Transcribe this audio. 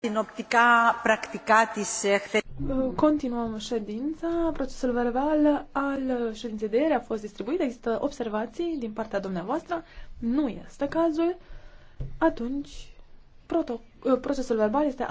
Eh, Continuăm ședința. Procesul verbal al ședinței de ieri a fost distribuit. Există observații din partea dumneavoastră. Nu este cazul. Atunci, procesul verbal este